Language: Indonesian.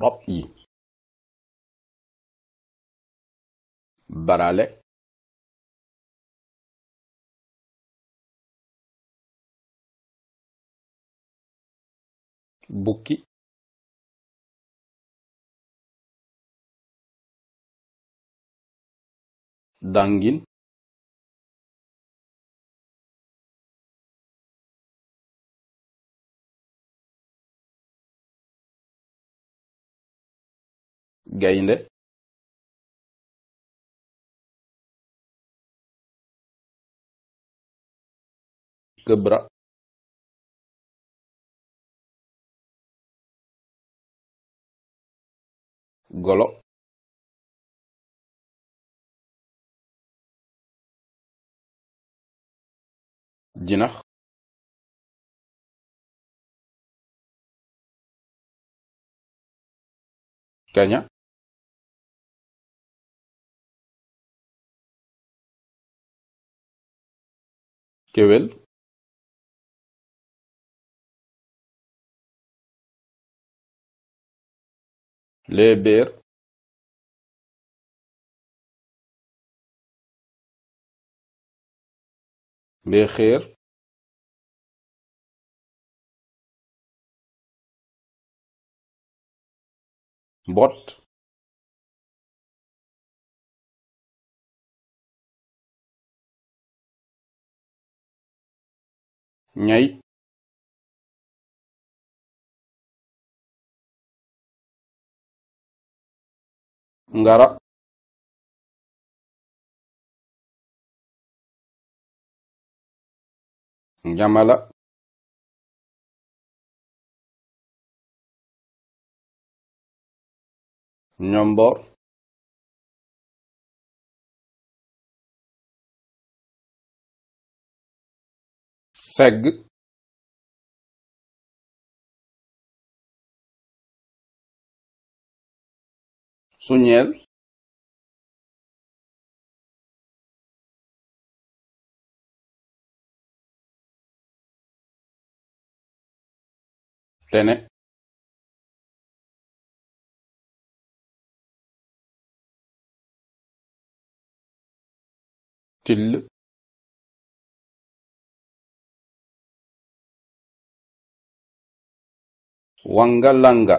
رأيي برالك bukki dangin gaynde kebra, golo jinax kaña SQL Labor beer les bot nej ngara jamala ñombor seg su ñeel tene Wangalanga